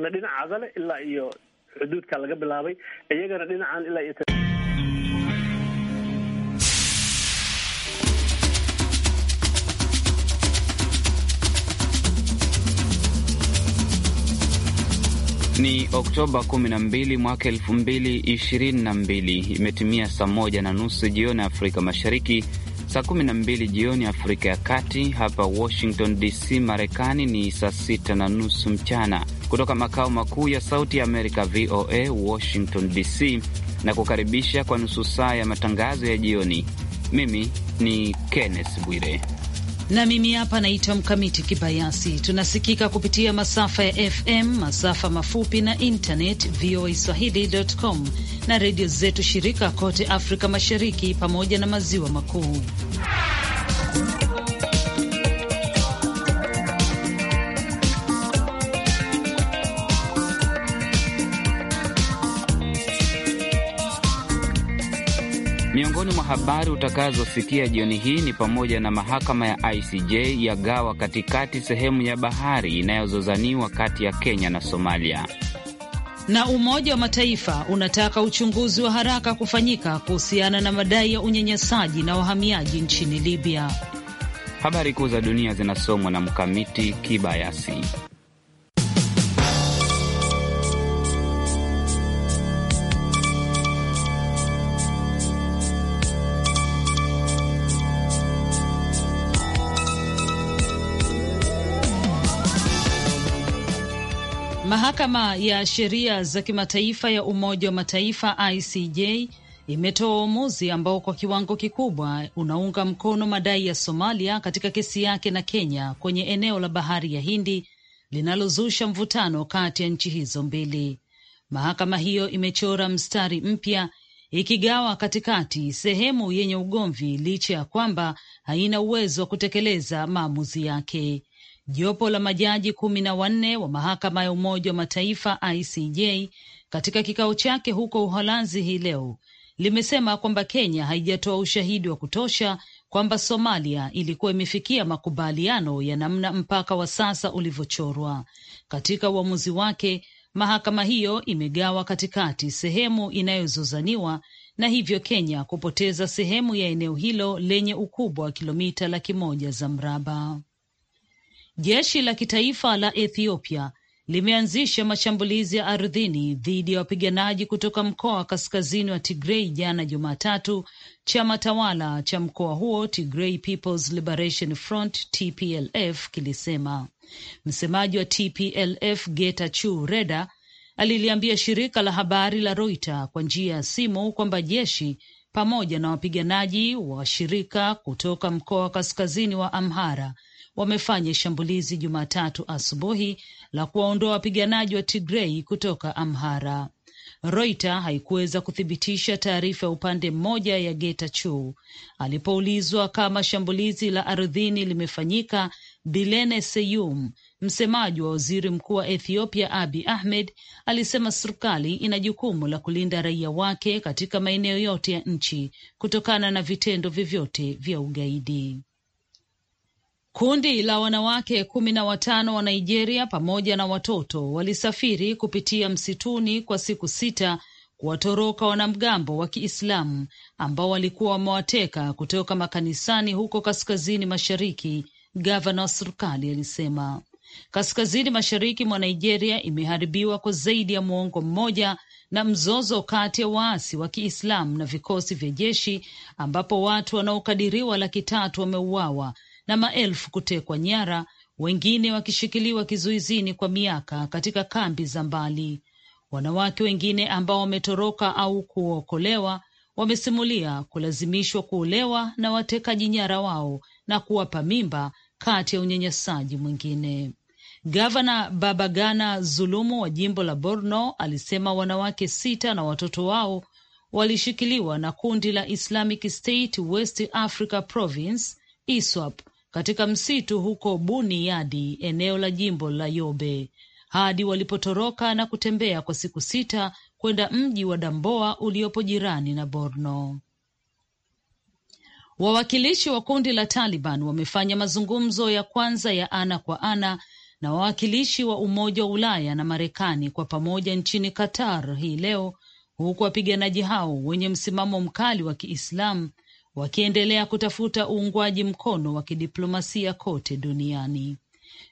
na dhinaca leh ilaa iyo xuduudka laga bilaabay iyagana dhinacan ilaa iyo Ni Oktoba 12 mwaka 2022, imetimia saa moja na nusu jioni Afrika Mashariki, saa 12 jioni Afrika ya Kati. Hapa Washington DC, Marekani ni saa sita na nusu mchana kutoka makao makuu ya Sauti ya Amerika, VOA Washington DC, na kukaribisha kwa nusu saa ya matangazo ya jioni. Mimi ni Kenneth Bwire na mimi hapa naitwa Mkamiti Kibayasi. Tunasikika kupitia masafa ya FM, masafa mafupi na internet, VOA swahili.com na redio zetu shirika kote Afrika Mashariki pamoja na Maziwa Makuu. Miongoni mwa habari utakazosikia jioni hii ni pamoja na mahakama ya ICJ yagawa katikati sehemu ya bahari inayozozaniwa kati ya Kenya na Somalia, na Umoja wa Mataifa unataka uchunguzi wa haraka kufanyika kuhusiana na madai ya unyanyasaji na wahamiaji nchini Libya. Habari kuu za dunia zinasomwa na Mkamiti Kibayasi. Mahakama ya Sheria za Kimataifa ya Umoja wa Mataifa ICJ imetoa uamuzi ambao kwa kiwango kikubwa unaunga mkono madai ya Somalia katika kesi yake na Kenya kwenye eneo la Bahari ya Hindi linalozusha mvutano kati ya nchi hizo mbili. Mahakama hiyo imechora mstari mpya ikigawa katikati sehemu yenye ugomvi licha ya kwamba haina uwezo wa kutekeleza maamuzi yake. Jopo la majaji kumi na wanne wa mahakama ya Umoja wa Mataifa ICJ katika kikao chake huko Uholanzi hii leo limesema kwamba Kenya haijatoa ushahidi wa kutosha kwamba Somalia ilikuwa imefikia makubaliano ya namna mpaka wa sasa ulivyochorwa. Katika uamuzi wake, mahakama hiyo imegawa katikati sehemu inayozozaniwa na hivyo Kenya kupoteza sehemu ya eneo hilo lenye ukubwa wa kilomita laki moja za mraba. Jeshi la kitaifa la Ethiopia limeanzisha mashambulizi ya ardhini dhidi ya wapiganaji kutoka mkoa wa kaskazini wa Tigrei jana Jumatatu, chama tawala cha mkoa huo Tigrei Peoples Liberation Front TPLF kilisema. Msemaji wa TPLF Getachew Reda aliliambia shirika la habari la Reuters kwa njia ya simu kwamba jeshi pamoja na wapiganaji wa shirika kutoka mkoa wa kaskazini wa Amhara wamefanya shambulizi Jumatatu asubuhi la kuwaondoa wapiganaji wa Tigrei kutoka Amhara. Reuters haikuweza kuthibitisha taarifa ya upande mmoja ya Getachew. Alipoulizwa kama shambulizi la ardhini limefanyika, Bilene Seyum, msemaji wa waziri mkuu wa Ethiopia Abi Ahmed, alisema serikali ina jukumu la kulinda raia wake katika maeneo yote ya nchi kutokana na vitendo vyovyote vya ugaidi. Kundi la wanawake kumi na watano wa Nigeria pamoja na watoto walisafiri kupitia msituni kwa siku sita kuwatoroka wanamgambo wa Kiislamu ambao walikuwa wamewateka kutoka makanisani huko kaskazini mashariki. Gavana wa serikali alisema kaskazini mashariki mwa Nigeria imeharibiwa kwa zaidi ya muongo mmoja na mzozo kati ya waasi wa Kiislamu na vikosi vya jeshi ambapo watu wanaokadiriwa laki tatu wameuawa na maelfu kutekwa nyara, wengine wakishikiliwa kizuizini kwa miaka katika kambi za mbali. Wanawake wengine ambao wametoroka au kuokolewa wamesimulia kulazimishwa kuolewa na watekaji nyara wao na kuwapa mimba, kati ya unyanyasaji mwingine. Gavana Babagana Zulumu wa jimbo la Borno alisema wanawake sita na watoto wao walishikiliwa na kundi la Islamic State West Africa Province ISWAP katika msitu huko Buni Yadi, eneo la jimbo la Yobe, hadi walipotoroka na kutembea kwa siku sita kwenda mji wa Damboa uliopo jirani na Borno. Wawakilishi wa kundi la Taliban wamefanya mazungumzo ya kwanza ya ana kwa ana na wawakilishi wa Umoja wa Ulaya na Marekani kwa pamoja nchini Qatar hii leo, huku wapiganaji hao wenye msimamo mkali wa Kiislamu wakiendelea kutafuta uungwaji mkono wa kidiplomasia kote duniani.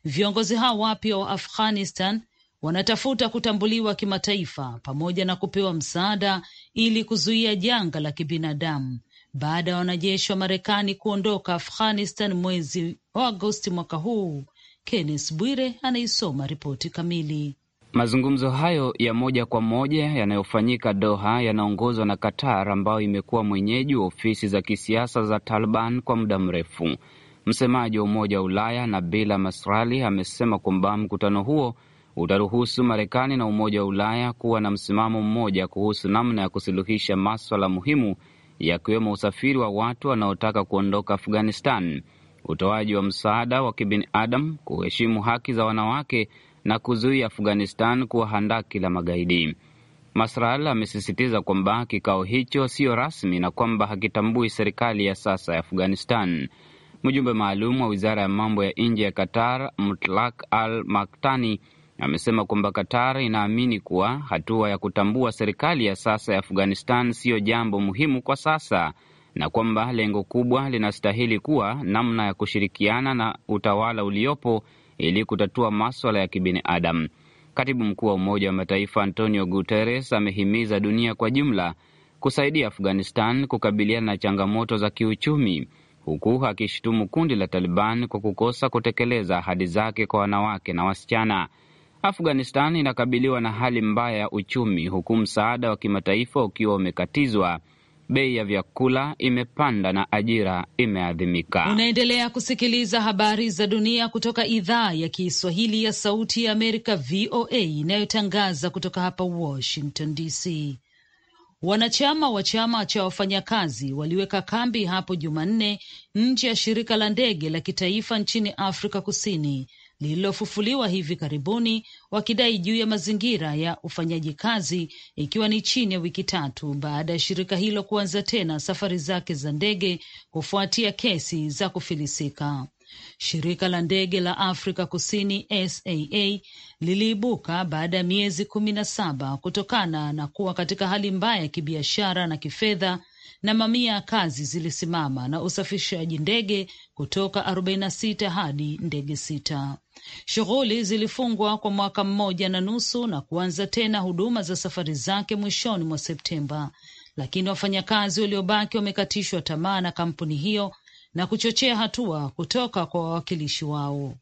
Viongozi hao wapya wa Afghanistan wanatafuta kutambuliwa kimataifa pamoja na kupewa msaada ili kuzuia janga la kibinadamu baada ya wanajeshi wa Marekani kuondoka Afghanistan mwezi wa Agosti mwaka huu. Kenneth Bwire anaisoma ripoti kamili. Mazungumzo hayo ya moja kwa moja yanayofanyika Doha yanaongozwa na Qatar ambayo imekuwa mwenyeji wa ofisi za kisiasa za Taliban kwa muda mrefu. Msemaji wa Umoja wa Ulaya Nabila Masrali amesema kwamba mkutano huo utaruhusu Marekani na Umoja wa Ulaya kuwa na msimamo mmoja kuhusu namna ya kusuluhisha maswala muhimu yakiwemo usafiri wa watu wanaotaka kuondoka Afghanistan, utoaji wa msaada wa kibinadamu, kuheshimu haki za wanawake na kuzuia Afghanistan kuwa handaki la magaidi. Masral amesisitiza kwamba kikao hicho siyo rasmi na kwamba hakitambui serikali ya sasa ya Afghanistan. Mjumbe maalum wa wizara ya mambo ya nje ya Qatar, Mutlak Al Maktani, amesema kwamba Qatar inaamini kuwa hatua ya kutambua serikali ya sasa ya Afghanistan siyo jambo muhimu kwa sasa na kwamba lengo kubwa linastahili kuwa namna ya kushirikiana na utawala uliopo ili kutatua maswala ya kibinadamu. Katibu mkuu wa Umoja wa Mataifa Antonio Guterres amehimiza dunia kwa jumla kusaidia Afghanistan kukabiliana na changamoto za kiuchumi, huku akishutumu kundi la Taliban kwa kukosa kutekeleza ahadi zake kwa wanawake na wasichana. Afghanistan inakabiliwa na hali mbaya ya uchumi, huku msaada wa kimataifa ukiwa umekatizwa bei ya vyakula imepanda na ajira imeadhimika. Unaendelea kusikiliza habari za dunia kutoka idhaa ya Kiswahili ya Sauti ya Amerika, VOA, inayotangaza kutoka hapa Washington DC. Wanachama wa chama cha wafanyakazi waliweka kambi hapo Jumanne nje ya shirika la ndege la kitaifa nchini Afrika Kusini lililofufuliwa hivi karibuni wakidai juu ya mazingira ya ufanyaji kazi, ikiwa ni chini ya wiki tatu baada ya shirika hilo kuanza tena safari zake za ndege kufuatia kesi za kufilisika. Shirika la ndege la Afrika Kusini SAA liliibuka baada ya miezi kumi na saba kutokana na kuwa katika hali mbaya ya kibiashara na kifedha na mamia ya kazi zilisimama na usafirishaji ndege kutoka 46 hadi ndege sita. Shughuli zilifungwa kwa mwaka mmoja na nusu na kuanza tena huduma za safari zake mwishoni mwa Septemba, lakini wafanyakazi waliobaki wamekatishwa tamaa na kampuni hiyo na kuchochea hatua kutoka kwa wawakilishi wao.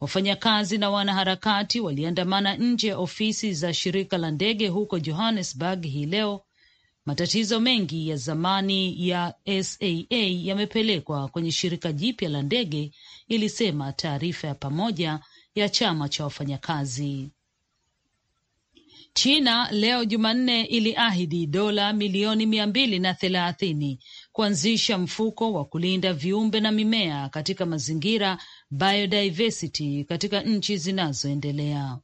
Wafanyakazi na wanaharakati waliandamana nje ya ofisi za shirika la ndege huko Johannesburg hii leo Matatizo mengi ya zamani ya SAA yamepelekwa kwenye shirika jipya la ndege, ilisema taarifa ya pamoja ya chama cha wafanyakazi. China leo Jumanne iliahidi dola milioni mia mbili na thelathini kuanzisha mfuko wa kulinda viumbe na mimea katika mazingira biodiversity katika nchi zinazoendelea.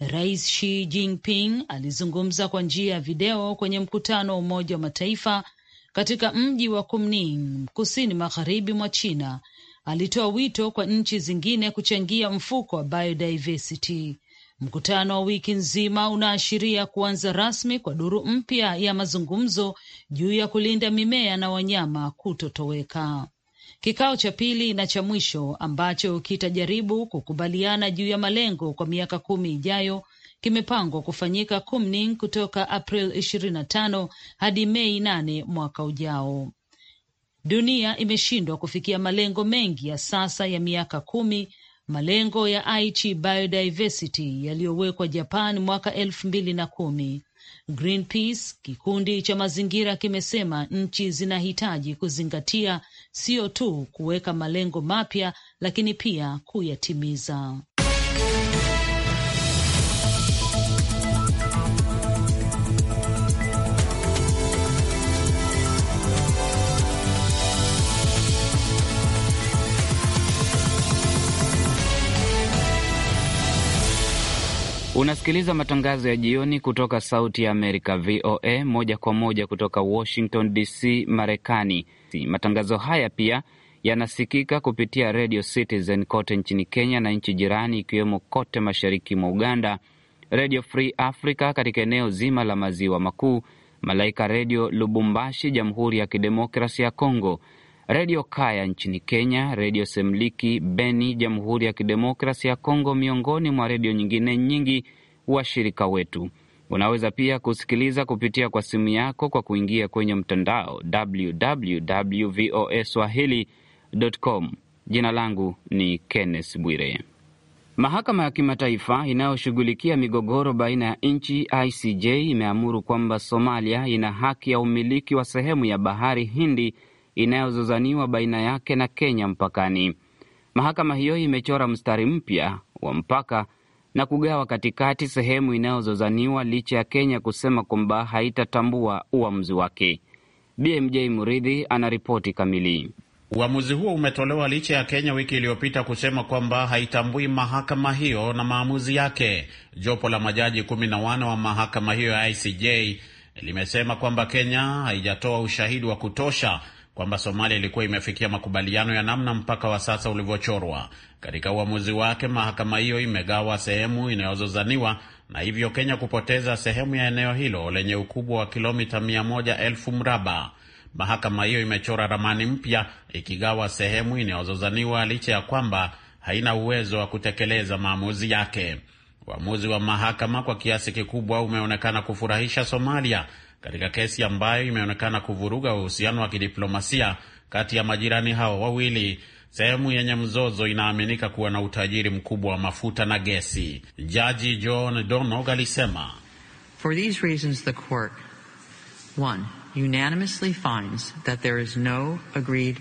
Rais Xi Jinping alizungumza kwa njia ya video kwenye mkutano wa Umoja wa Mataifa katika mji wa Kunming, kusini magharibi mwa China. Alitoa wito kwa nchi zingine kuchangia mfuko wa biodiversity. Mkutano wa wiki nzima unaashiria kuanza rasmi kwa duru mpya ya mazungumzo juu ya kulinda mimea na wanyama kutotoweka. Kikao cha pili na cha mwisho ambacho kitajaribu kukubaliana juu ya malengo kwa miaka kumi ijayo kimepangwa kufanyika Kunming kutoka April 25 hadi Mei 8 mwaka ujao. Dunia imeshindwa kufikia malengo mengi ya sasa ya miaka kumi, malengo ya Aichi biodiversity yaliyowekwa Japan mwaka elfu mbili na kumi Greenpeace kikundi cha mazingira kimesema nchi zinahitaji kuzingatia sio tu kuweka malengo mapya, lakini pia kuyatimiza. Unasikiliza matangazo ya jioni kutoka Sauti ya Amerika, VOA, moja kwa moja kutoka Washington DC, Marekani. Matangazo haya pia yanasikika kupitia Radio Citizen kote nchini Kenya na nchi jirani, ikiwemo kote mashariki mwa Uganda, Radio Free Africa katika eneo zima la maziwa makuu, Malaika Redio Lubumbashi, Jamhuri ya Kidemokrasi ya Kongo, Redio Kaya nchini Kenya, Redio Semliki Beni, Jamhuri ya Kidemokrasi ya Kongo, miongoni mwa redio nyingine nyingi washirika wetu. Unaweza pia kusikiliza kupitia kwa simu yako kwa kuingia kwenye mtandao www voa swahili.com. Jina langu ni Kenneth Bwire. Mahakama ya Kimataifa inayoshughulikia migogoro baina ya nchi ICJ imeamuru kwamba Somalia ina haki ya umiliki wa sehemu ya bahari Hindi inayozozaniwa baina yake na Kenya mpakani. Mahakama hiyo imechora mstari mpya wa mpaka na kugawa katikati sehemu inayozozaniwa licha ya Kenya kusema kwamba haitatambua uamuzi wake. BMJ Muridhi anaripoti kamili. Uamuzi huo umetolewa licha ya Kenya wiki iliyopita kusema kwamba haitambui mahakama hiyo na maamuzi yake. Jopo la majaji kumi na wa mahakama hiyo ya ICJ limesema kwamba Kenya haijatoa ushahidi wa kutosha kwamba Somalia ilikuwa imefikia makubaliano ya namna mpaka wa sasa ulivyochorwa. Katika uamuzi wake, mahakama hiyo imegawa sehemu inayozozaniwa na hivyo Kenya kupoteza sehemu ya eneo hilo lenye ukubwa wa kilomita mia moja elfu mraba. Mahakama hiyo imechora ramani mpya ikigawa sehemu inayozozaniwa licha ya kwamba haina uwezo wa kutekeleza maamuzi yake. Uamuzi wa mahakama kwa kiasi kikubwa umeonekana kufurahisha Somalia katika kesi ambayo imeonekana kuvuruga uhusiano wa kidiplomasia kati ya majirani hao wawili. Sehemu yenye mzozo inaaminika kuwa na utajiri mkubwa wa mafuta na gesi. Jaji John Donog alisema For these reasons the court one unanimously finds that there is no agreed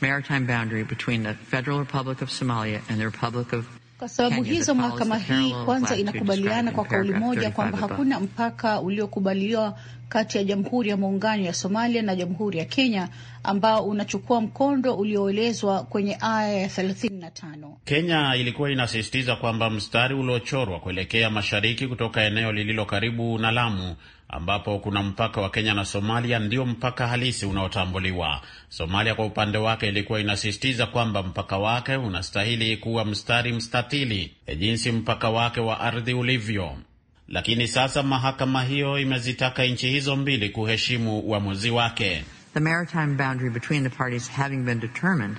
maritime boundary between the Federal Republic of Somalia and the Republic of kwa sababu hizo, mahakama hii kwanza inakubaliana kwa kauli moja kwamba hakuna mpaka uliokubaliwa kati ya Jamhuri ya Muungano ya Somalia na Jamhuri ya Kenya ambao unachukua mkondo ulioelezwa kwenye aya ya 35. Kenya ilikuwa inasisitiza kwamba mstari uliochorwa kuelekea mashariki kutoka eneo lililo karibu na Lamu ambapo kuna mpaka wa Kenya na Somalia ndio mpaka halisi unaotambuliwa. Somalia kwa upande wake ilikuwa inasisitiza kwamba mpaka wake unastahili kuwa mstari mstatili e, jinsi mpaka wake wa ardhi ulivyo, lakini sasa mahakama hiyo imezitaka nchi hizo mbili kuheshimu uamuzi wake. The maritime boundary between the parties having been determined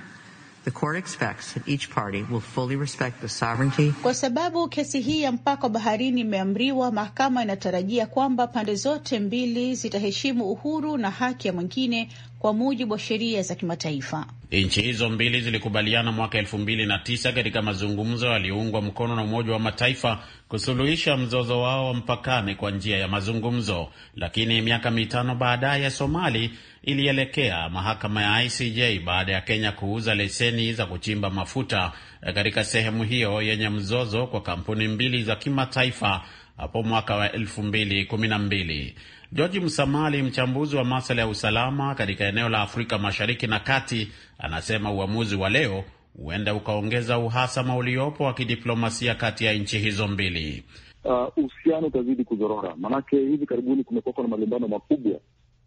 kwa sababu kesi hii ya mpaka wa baharini imeamriwa, mahakama inatarajia kwamba pande zote mbili zitaheshimu uhuru na haki ya mwingine kwa mujibu wa sheria za kimataifa. Nchi hizo mbili zilikubaliana mwaka elfu mbili na tisa katika mazungumzo yaliyoungwa mkono na Umoja wa Mataifa kusuluhisha mzozo wao wa mpakani kwa njia ya mazungumzo, lakini miaka mitano baadaye Somali ilielekea mahakama ya ICJ baada ya Kenya kuuza leseni za kuchimba mafuta katika sehemu hiyo yenye mzozo kwa kampuni mbili za kimataifa hapo mwaka wa elfu mbili kumi na mbili. George Msamali, mchambuzi wa masuala ya usalama katika eneo la Afrika Mashariki na Kati, anasema uamuzi wa leo huenda ukaongeza uhasama uliopo wa kidiplomasia kati ya nchi hizo mbili. Uh, uhusiano utazidi kuzorora, maanake hivi karibuni kumekuwa na malumbano makubwa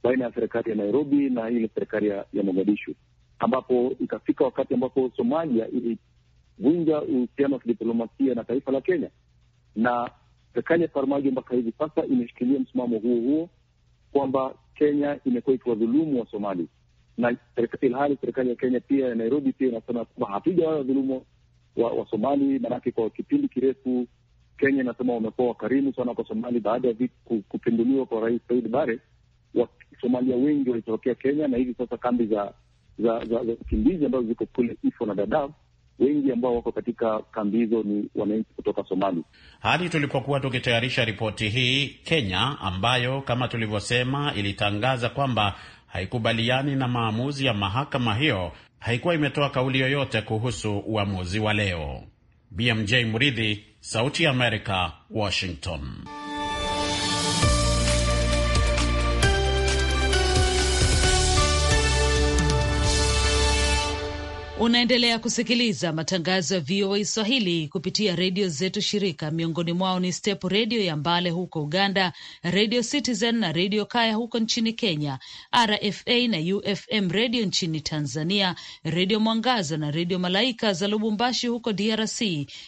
baina ya serikali ya Nairobi na ile serikali ya Mogadishu, ambapo ikafika wakati ambapo Somalia ilivunja uhusiano wa kidiplomasia na taifa la Kenya, na serikali ya Farmajo mpaka hivi sasa imeshikilia msimamo huo huo kwamba Kenya imekuwa ikiwadhulumu wa Somali na ilhali serikali ya Kenya pia ya Nairobi pia inasema kwamba hatujawahi wadhulumu wa, wa Somali. Maanake kwa kipindi kirefu Kenya inasema wamekuwa wakarimu sana kwa Somali. Baada ya kupinduliwa kwa Rais Said Bare, Wasomalia wengi walitorokea Kenya na hivi sasa kambi za za za kimbizi ambazo ziko kule Ifo na Dadaab wengi ambao wako katika kambi hizo ni wananchi kutoka Somali. Hadi tulipokuwa tukitayarisha ripoti hii, Kenya ambayo kama tulivyosema ilitangaza kwamba haikubaliani na maamuzi ya mahakama hiyo haikuwa imetoa kauli yoyote kuhusu uamuzi wa leo. BMJ Muridhi, Sauti ya Amerika, Washington. Unaendelea kusikiliza matangazo ya VOA Swahili kupitia redio zetu shirika, miongoni mwao ni Step redio ya Mbale huko Uganda, redio Citizen na redio Kaya huko nchini Kenya, RFA na UFM redio nchini Tanzania, redio Mwangaza na redio Malaika za Lubumbashi huko DRC.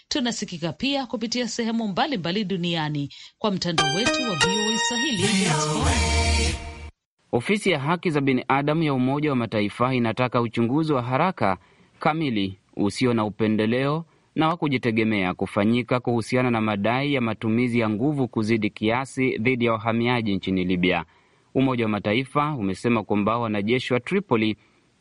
Tunasikika pia kupitia sehemu mbalimbali mbali duniani kwa mtandao wetu wa VOA Swahili. Ofisi ya haki za binadamu ya Umoja wa Mataifa inataka uchunguzi wa haraka kamili usio na upendeleo na wa kujitegemea kufanyika kuhusiana na madai ya matumizi ya nguvu kuzidi kiasi dhidi ya wahamiaji nchini Libya. Umoja wa Mataifa umesema kwamba wanajeshi wa Tripoli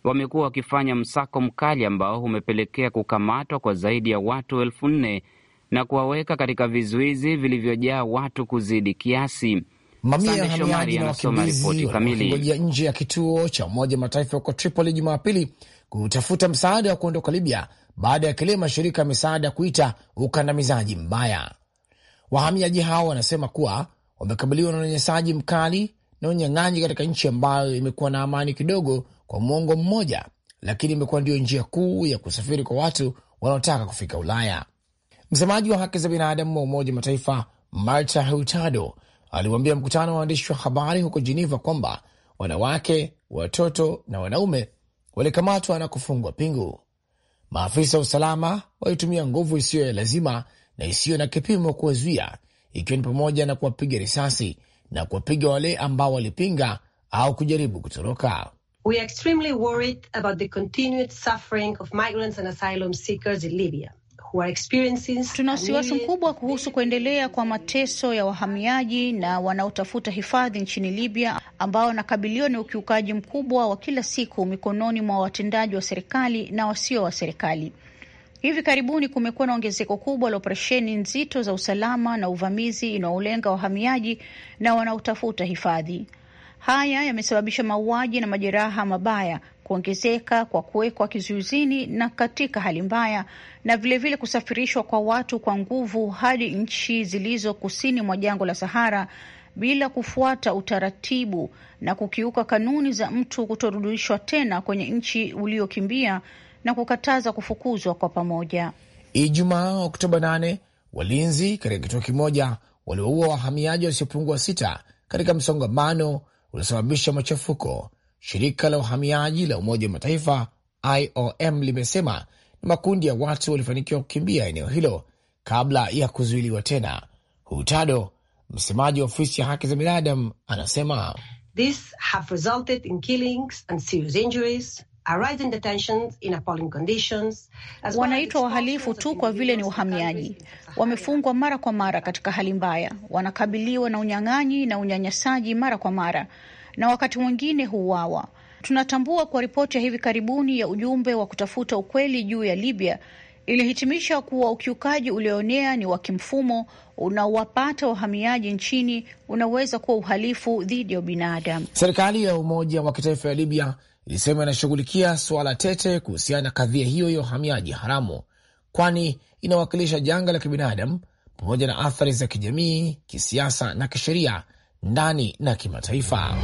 wamekuwa wakifanya msako mkali ambao umepelekea kukamatwa kwa zaidi ya watu elfu nne na kuwaweka katika vizuizi vilivyojaa watu kuzidi kiasi. Mamia ya wahamiaji na wakimbizi walikongojea nje ya kituo cha Umoja wa Mataifa huko Tripoli Jumapili kutafuta msaada wa kuondoka Libya baada ya kile mashirika ya misaada kuita ukandamizaji mbaya. Wahamiaji hao wanasema kuwa wamekabiliwa na unyanyasaji mkali na unyang'anyi katika nchi ambayo imekuwa na amani kidogo kwa mwongo mmoja, lakini imekuwa ndiyo njia kuu ya kusafiri kwa watu wanaotaka kufika Ulaya. Msemaji wa haki za binadamu wa Umoja Mataifa Marta Hurtado aliwaambia mkutano wa waandishi wa habari huko jeneva kwamba wanawake, watoto na wanaume walikamatwa na kufungwa pingu. Maafisa wa usalama walitumia nguvu isiyo ya lazima na isiyo na kipimo kuwazuia, ikiwa ni pamoja na kuwapiga risasi na kuwapiga wale ambao walipinga au kujaribu kutoroka. We are extremely worried about the continued suffering of migrants and asylum seekers in Libya. Tuna wasiwasi mkubwa kuhusu kuendelea kwa mateso ya wahamiaji na wanaotafuta hifadhi nchini Libya, ambao wanakabiliwa na ukiukaji mkubwa wa kila siku mikononi mwa watendaji wa serikali na wasio wa serikali. Hivi karibuni kumekuwa na ongezeko kubwa la operesheni nzito za usalama na uvamizi inaolenga wahamiaji na wanaotafuta hifadhi. Haya yamesababisha mauaji na majeraha mabaya kuongezeka kwa kuwekwa kizuizini na katika hali mbaya, na vilevile vile kusafirishwa kwa watu kwa nguvu hadi nchi zilizo kusini mwa jangwa la Sahara bila kufuata utaratibu na kukiuka kanuni za mtu kutorudishwa tena kwenye nchi uliokimbia na kukataza kufukuzwa kwa pamoja. Ijumaa Oktoba 8 walinzi katika kituo kimoja waliwaua wahamiaji wasiopungua sita katika msongamano uliosababisha machafuko Shirika la uhamiaji la Umoja wa Mataifa IOM limesema ni makundi ya watu walifanikiwa kukimbia eneo hilo kabla ya kuzuiliwa tena. Hutado, msemaji wa ofisi ya haki za binadamu, anasema wanaitwa wahalifu tu kwa vile ni uhamiaji. Wamefungwa mara kwa mara katika hali mbaya, wanakabiliwa na unyang'anyi na unyanyasaji mara kwa mara na wakati mwingine huuawa. Tunatambua kwa ripoti ya hivi karibuni ya ujumbe wa kutafuta ukweli juu ya Libya ilihitimisha kuwa ukiukaji ulioonea ni wa kimfumo unaowapata wahamiaji nchini unaweza kuwa uhalifu dhidi ya ubinadamu. Serikali ya Umoja wa Kitaifa ya Libya ilisema inashughulikia suala tete kuhusiana na kadhia hiyo ya uhamiaji haramu, kwani inawakilisha janga la kibinadamu pamoja na athari za kijamii, kisiasa na kisheria ndani na kimataifa.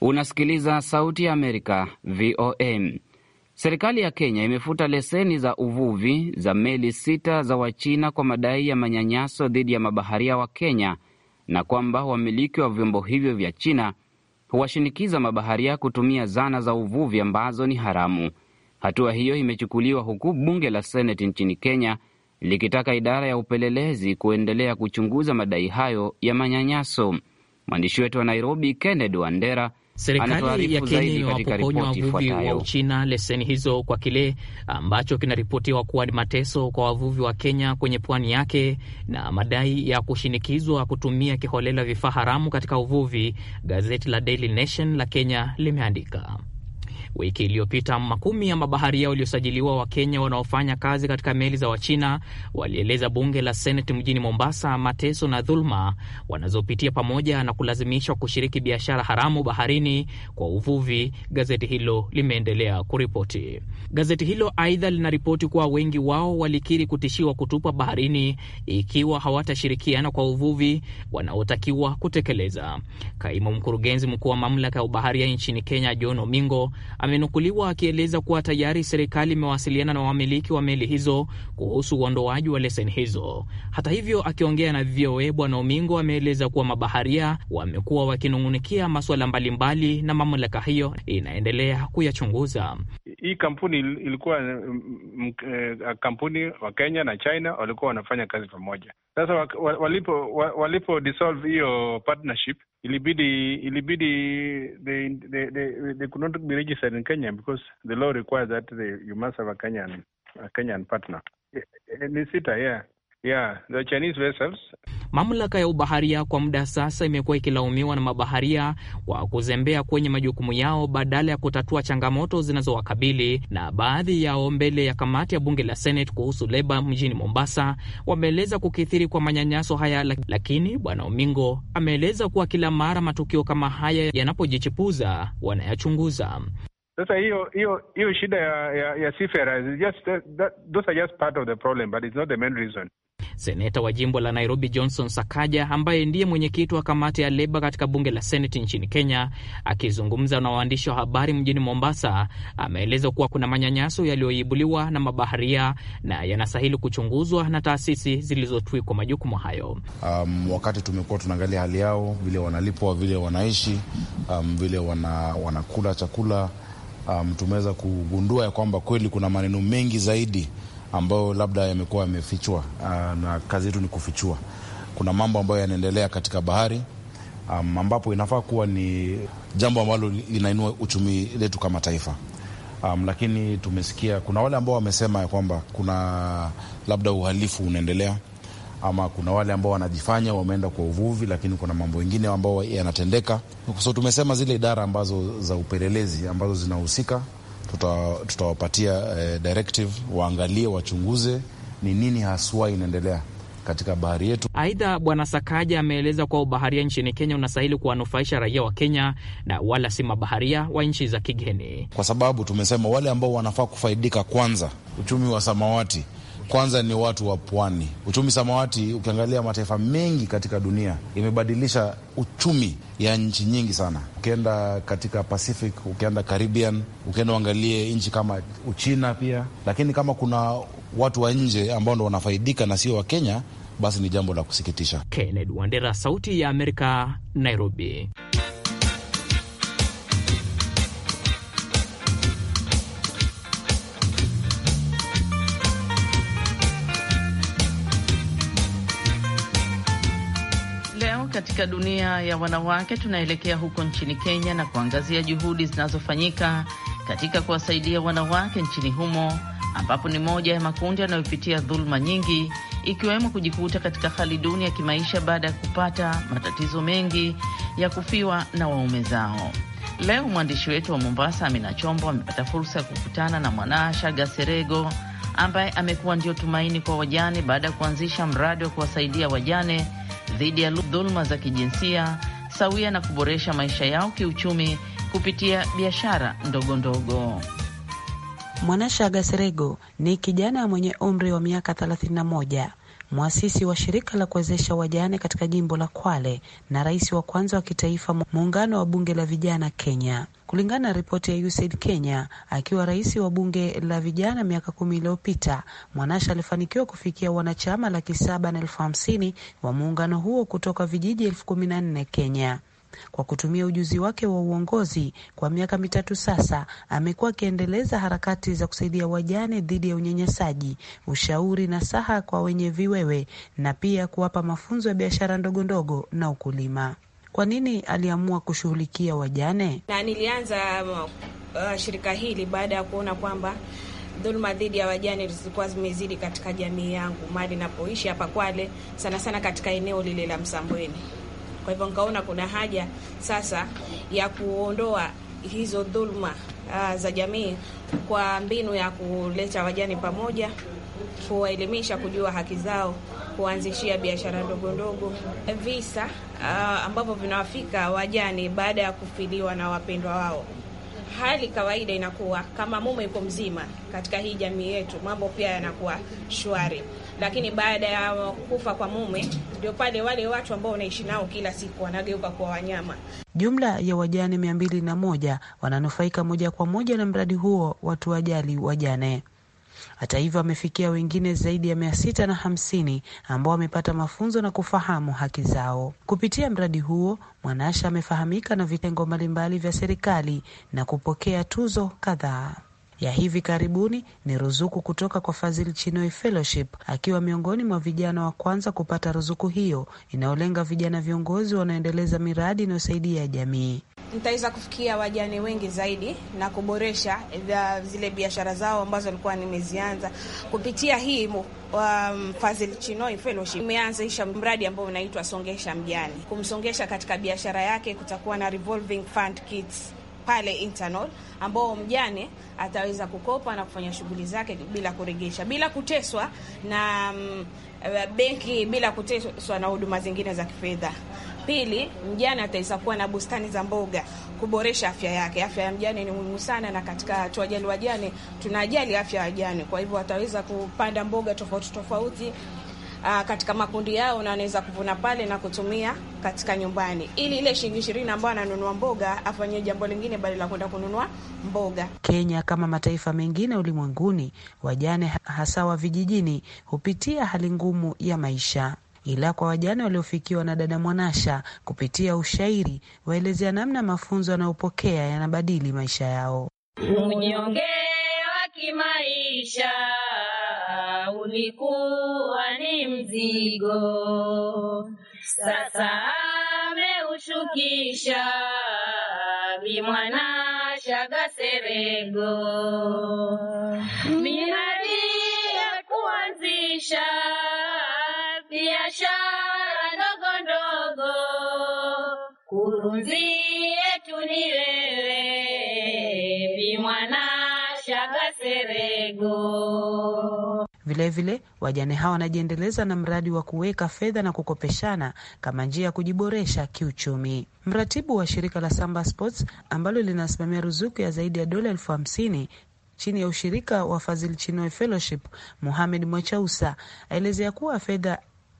Unasikiliza Sauti ya Amerika, VOM. Serikali ya Kenya imefuta leseni za uvuvi za meli sita za Wachina kwa madai ya manyanyaso dhidi ya mabaharia wa Kenya na kwamba wamiliki wa vyombo hivyo vya China huwashinikiza mabaharia kutumia zana za uvuvi ambazo ni haramu. Hatua hiyo imechukuliwa huku bunge la Seneti nchini Kenya likitaka idara ya upelelezi kuendelea kuchunguza madai hayo ya manyanyaso. Mwandishi wetu wa Nairobi, Kennedy Wandera Serikali ya Kenya imewapokonya wavuvi wa Uchina leseni hizo kwa kile ambacho kinaripotiwa kuwa ni mateso kwa wavuvi wa Kenya kwenye pwani yake na madai ya kushinikizwa kutumia kiholela vifaa haramu katika uvuvi, gazeti la Daily Nation la Kenya limeandika. Wiki iliyopita makumi ya mabaharia waliosajiliwa wa Kenya wanaofanya kazi katika meli za Wachina walieleza bunge la Seneti mjini Mombasa mateso na dhuluma wanazopitia pamoja na kulazimishwa kushiriki biashara haramu baharini kwa uvuvi, gazeti hilo limeendelea kuripoti. Gazeti hilo aidha linaripoti kuwa wengi wao walikiri kutishiwa kutupwa baharini ikiwa hawatashirikiana kwa uvuvi wanaotakiwa kutekeleza. Kaimu mkurugenzi mkuu wa mamlaka ya ubaharia nchini Kenya John Omingo amenukuliwa akieleza kuwa tayari serikali imewasiliana na wamiliki wa meli hizo kuhusu uondoaji wa leseni hizo. Hata hivyo, akiongea na VOA Bwana Omingo ameeleza kuwa mabaharia wamekuwa wakinung'unikia masuala mbalimbali na mamlaka hiyo inaendelea kuyachunguza. Hii kampuni ilikuwa mm, mm, eh, kampuni wa Kenya na China walikuwa wanafanya kazi pamoja. Sasa walipo walipo dissolve hiyo partnership ilibidi ilibidi they, they they they could not be registered in Kenya because the law requires that they, you must have a Kenyan a Kenyan partner. Eh, eh, ni sita yeah Yeah, the Chinese vessels. Mamlaka ya ubaharia kwa muda sasa imekuwa ikilaumiwa na mabaharia wa kuzembea kwenye majukumu yao badala ya kutatua changamoto zinazowakabili na baadhi yao mbele ya kamati ya bunge la Senate kuhusu leba mjini Mombasa wameeleza kukithiri kwa manyanyaso haya, lakini Bwana Omingo ameeleza kuwa kila mara matukio kama haya yanapojichipuza wanayachunguza. Sasa hiyo hiyo hiyo shida ya ya, ya seafarers, just, that, those are just part of the problem but it's not the main reason. Seneta wa jimbo la Nairobi Johnson Sakaja, ambaye ndiye mwenyekiti wa kamati ya Leba katika bunge la Seneti nchini Kenya, akizungumza na waandishi wa habari mjini Mombasa, ameeleza kuwa kuna manyanyaso yaliyoibuliwa na mabaharia na yanastahili kuchunguzwa na taasisi zilizotwikwa majukumu hayo. Um, wakati tumekuwa tunaangalia hali yao, vile wanalipwa, vile wanaishi, um, vile wana, wanakula chakula um, tumeweza kugundua ya kwamba kweli kuna maneno mengi zaidi ambayo labda yamekuwa yamefichwa, ah, na kazi yetu ni kufichua. Kuna mambo ambayo yanaendelea katika bahari um, ambapo inafaa kuwa ni jambo ambalo linainua uchumi letu kama taifa. Um, lakini tumesikia kuna wale ambao wamesema ya kwamba kuna labda uhalifu unaendelea, ama kuna wale ambao wanajifanya wameenda kwa uvuvi, lakini kuna mambo mengine ambao yanatendeka. So tumesema zile idara ambazo za upelelezi ambazo zinahusika tutawapatia eh, directive waangalie, wachunguze ni nini haswa inaendelea katika bahari yetu. Aidha, Bwana Sakaja ameeleza kuwa ubaharia nchini Kenya unastahili kuwanufaisha raia wa Kenya na wala si mabaharia wa nchi za kigeni, kwa sababu tumesema wale ambao wanafaa kufaidika kwanza uchumi wa samawati kwanza ni watu wa pwani. Uchumi samawati, ukiangalia mataifa mengi katika dunia, imebadilisha uchumi ya nchi nyingi sana. Ukienda katika Pacific, ukienda Caribbean, ukienda uangalie nchi kama Uchina pia. Lakini kama kuna watu wa nje ambao ndo wanafaidika na sio wa Kenya, basi ni jambo la kusikitisha. Kennedy Wandera, Sauti ya Amerika, Nairobi. katika dunia ya wanawake, tunaelekea huko nchini Kenya na kuangazia juhudi zinazofanyika katika kuwasaidia wanawake nchini humo, ambapo ni moja ya makundi yanayopitia dhuluma nyingi, ikiwemo kujikuta katika hali duni ya kimaisha baada ya kupata matatizo mengi ya kufiwa na waume zao. Leo mwandishi wetu wa Mombasa, Amina Chombo, amepata fursa ya kukutana na Mwanasha Gaserego ambaye amekuwa ndio tumaini kwa wajane baada ya kuanzisha mradi wa kuwasaidia wajane dhidi ya dhuluma za kijinsia sawia na kuboresha maisha yao kiuchumi kupitia biashara ndogo ndogo. Mwanashaga Serego ni kijana mwenye umri wa miaka 31, mwasisi wa shirika la kuwezesha wajane katika jimbo la Kwale na rais wa kwanza wa kitaifa muungano wa bunge la vijana Kenya kulingana na ripoti ya USAID Kenya. Akiwa rais wa bunge la vijana miaka kumi iliyopita, Mwanasha alifanikiwa kufikia wanachama laki saba na elfu hamsini wa muungano huo kutoka vijiji elfu kumi na nne Kenya. Kwa kutumia ujuzi wake wa uongozi, kwa miaka mitatu sasa amekuwa akiendeleza harakati za kusaidia wajane dhidi ya unyanyasaji, ushauri na saha kwa wenye viwewe, na pia kuwapa mafunzo ya biashara ndogondogo na ukulima. Kwa nini aliamua kushughulikia wajane? Na nilianza uh, shirika hili baada ya kuona kwamba dhuluma dhidi ya wajane zilikuwa zimezidi katika jamii yangu mali napoishi hapa Kwale, sana sana katika eneo lile la Msambweni. Kwa hivyo nikaona kuna haja sasa ya kuondoa hizo dhuluma uh, za jamii kwa mbinu ya kuleta wajane pamoja kuwaelimisha kujua haki zao, kuanzishia biashara ndogo ndogo. Visa uh, ambavyo vinawafika wajane baada ya kufiliwa na wapendwa wao Hali kawaida inakuwa kama mume yuko mzima katika hii jamii yetu, mambo pia yanakuwa shwari, lakini baada ya kufa kwa mume ndio pale wale watu ambao wanaishi nao kila siku wanageuka kwa wanyama. Jumla ya wajane mia mbili na moja wananufaika moja kwa moja na mradi huo, watu wajali wajane. Hata hivyo, amefikia wengine zaidi ya mia sita na hamsini ambao wamepata mafunzo na kufahamu haki zao. Kupitia mradi huo, Mwanasha amefahamika na vitengo mbalimbali vya serikali na kupokea tuzo kadhaa ya hivi karibuni ni ruzuku kutoka kwa fazil Chinoi Fellowship, akiwa miongoni mwa vijana wa kwanza kupata ruzuku hiyo inayolenga vijana viongozi wanaoendeleza miradi inayosaidia jamii. Nitaweza kufikia wajane wengi zaidi na kuboresha eh, zile biashara zao ambazo nilikuwa nimezianza kupitia hii um, Fazil Chinoi Fellowship. Imeanzisha mradi ambao unaitwa Songesha Mjane, kumsongesha katika biashara yake. Kutakuwa na revolving fund kits pale Internal ambao mjane ataweza kukopa na kufanya shughuli zake bila kuregesha, bila kuteswa na um, benki, bila kuteswa na huduma zingine za kifedha. Pili, mjane ataweza kuwa na bustani za mboga kuboresha afya yake. Afya ya mjane ni muhimu sana, na katika tuajali wajane tunajali afya ya wajane. Kwa hivyo ataweza kupanda mboga tofauti tofauti, uh, katika makundi yao na anaweza kuvuna pale na kutumia katika nyumbani, ili ile shilingi ishirini ambayo ananunua mboga afanyie jambo lingine badala ya kwenda kununua mboga. Kenya kama mataifa mengine ulimwenguni, wajane hasa wa vijijini hupitia hali ngumu ya maisha ila kwa wajane waliofikiwa na dada Mwanasha kupitia ushairi, waelezea namna mafunzo yanayopokea yanabadili maisha yao. Unyonge wa kimaisha ulikuwa ni mzigo, sasa ameushukisha. Bi Mwana Shaga Serego, miradi ya kuanzisha biashara ndogo ndogo, kurunzi yetu ni wewe Bi Mwana Shaga Serego. Vilevile, wajane hawa wanajiendeleza na mradi wa kuweka fedha na kukopeshana kama njia ya kujiboresha kiuchumi. Mratibu wa shirika la Samba Sports ambalo linasimamia ruzuku ya zaidi ya dola elfu hamsini chini ya ushirika wa Fazil Chinoe Fellowship, Muhamed Mwachausa aelezea kuwa fedha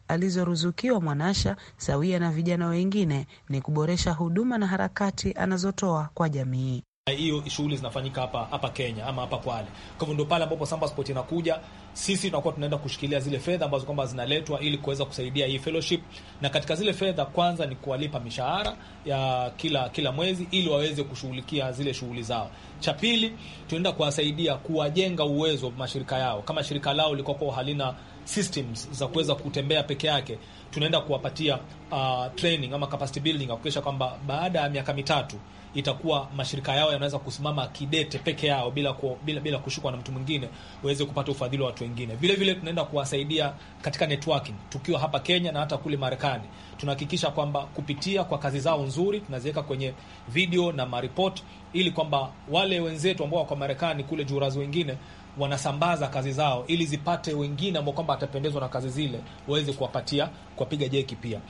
alizoruzukiwa Mwanasha sawia na vijana wengine ni kuboresha huduma na harakati anazotoa kwa jamii. Eh, hiyo shughuli zinafanyika hapa hapa Kenya ama hapa Kwale. Kwa hivyo ndio pale ambapo Samba Sport inakuja, sisi tunakuwa tunaenda kushikilia zile fedha ambazo kwamba zinaletwa ili kuweza kusaidia hii fellowship, na katika zile fedha kwanza ni kuwalipa mishahara ya kila kila mwezi ili waweze kushughulikia zile shughuli zao. Cha pili, tunaenda kuwasaidia kuwajenga uwezo mashirika yao, kama shirika lao liko kwa halina systems za kuweza kutembea peke yake, tunaenda kuwapatia uh, training ama capacity building, kuhakikisha kwamba baada ya miaka mitatu itakuwa mashirika yao yanaweza kusimama kidete peke yao bila, ku, bila, bila kushukwa na mtu mwingine, waweze kupata ufadhili wa watu wengine. Vile vile tunaenda kuwasaidia katika networking tukiwa hapa Kenya na hata kule Marekani. Tunahakikisha kwamba kupitia kwa kazi zao nzuri tunaziweka kwenye video na maripot ili kwamba wale wenzetu ambao wako Marekani kule jurazi wengine wanasambaza kazi zao ili zipate wengine ambao kwamba atapendezwa na kazi zile waweze kuwapatia kuwapiga jeki pia.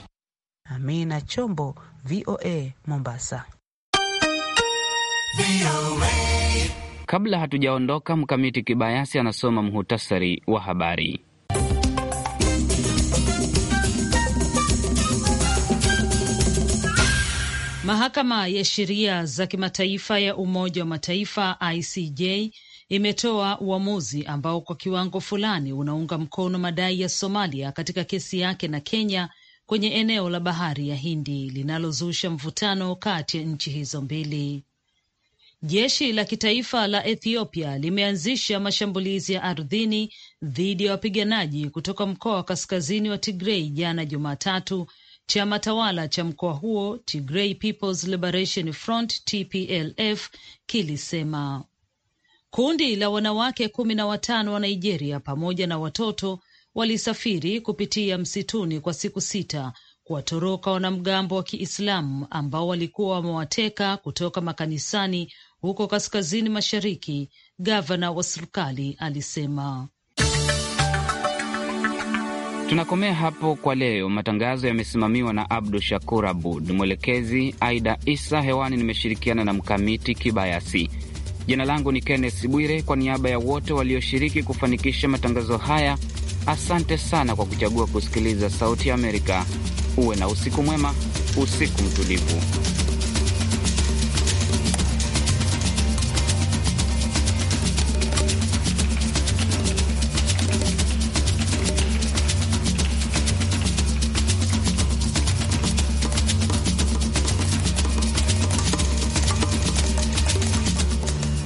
Amina Chombo, VOA Mombasa. Kabla hatujaondoka, Mkamiti Kibayasi anasoma muhutasari wa habari. Mahakama ya sheria za kimataifa ya Umoja wa Mataifa ICJ imetoa uamuzi ambao kwa kiwango fulani unaunga mkono madai ya Somalia katika kesi yake na Kenya kwenye eneo la bahari ya Hindi linalozusha mvutano kati ya nchi hizo mbili. Jeshi la kitaifa la Ethiopia limeanzisha mashambulizi ya ardhini dhidi ya wapiganaji kutoka mkoa wa kaskazini wa Tigrei jana Jumatatu, chama tawala cha mkoa huo Tigray People's Liberation Front TPLF kilisema. Kundi la wanawake kumi na watano wa Nigeria pamoja na watoto walisafiri kupitia msituni kwa siku sita kuwatoroka wanamgambo wa Kiislamu ambao walikuwa wamewateka kutoka makanisani huko kaskazini mashariki, gavana wa serikali alisema. Tunakomea hapo kwa leo. Matangazo yamesimamiwa na Abdu Shakur Abud, mwelekezi Aida Isa. Hewani nimeshirikiana na Mkamiti Kibayasi. Jina langu ni Kenneth Bwire. Kwa niaba ya wote walioshiriki kufanikisha matangazo haya, asante sana kwa kuchagua kusikiliza Sauti ya Amerika. Uwe na usiku mwema, usiku mtulivu.